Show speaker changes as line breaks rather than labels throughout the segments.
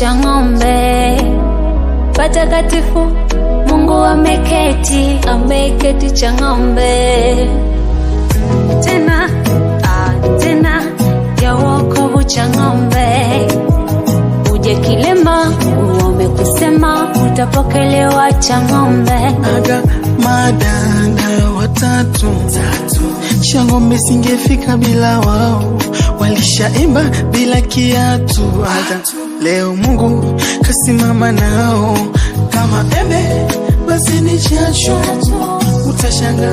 cha ng'ombe patakatifu Mungu ameketi, ameketi cha ng'ombe tena ah, tena ya wokovu cha ng'ombe uje kilema uombe kusema utapokelewa cha ng'ombe
aga madanga watatu Tatu cha ng'ombe singefika bila wao, walishaimba bila kiatu. Hata leo Mungu kasimama nao, kama embe basi ni chachu, utashanga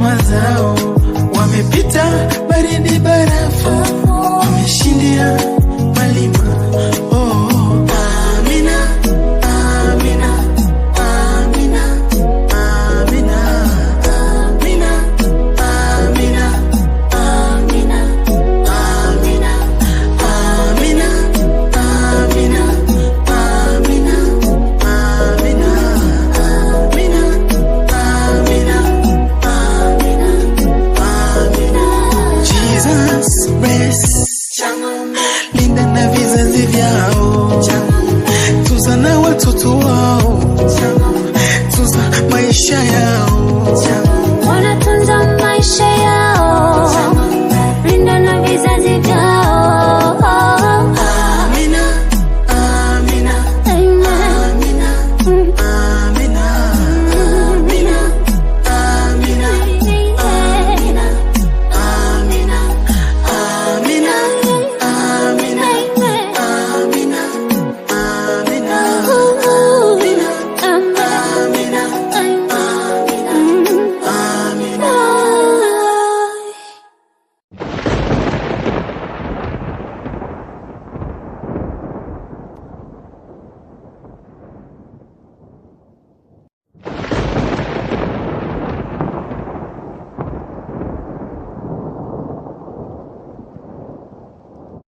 mazao wamepita baridi baridi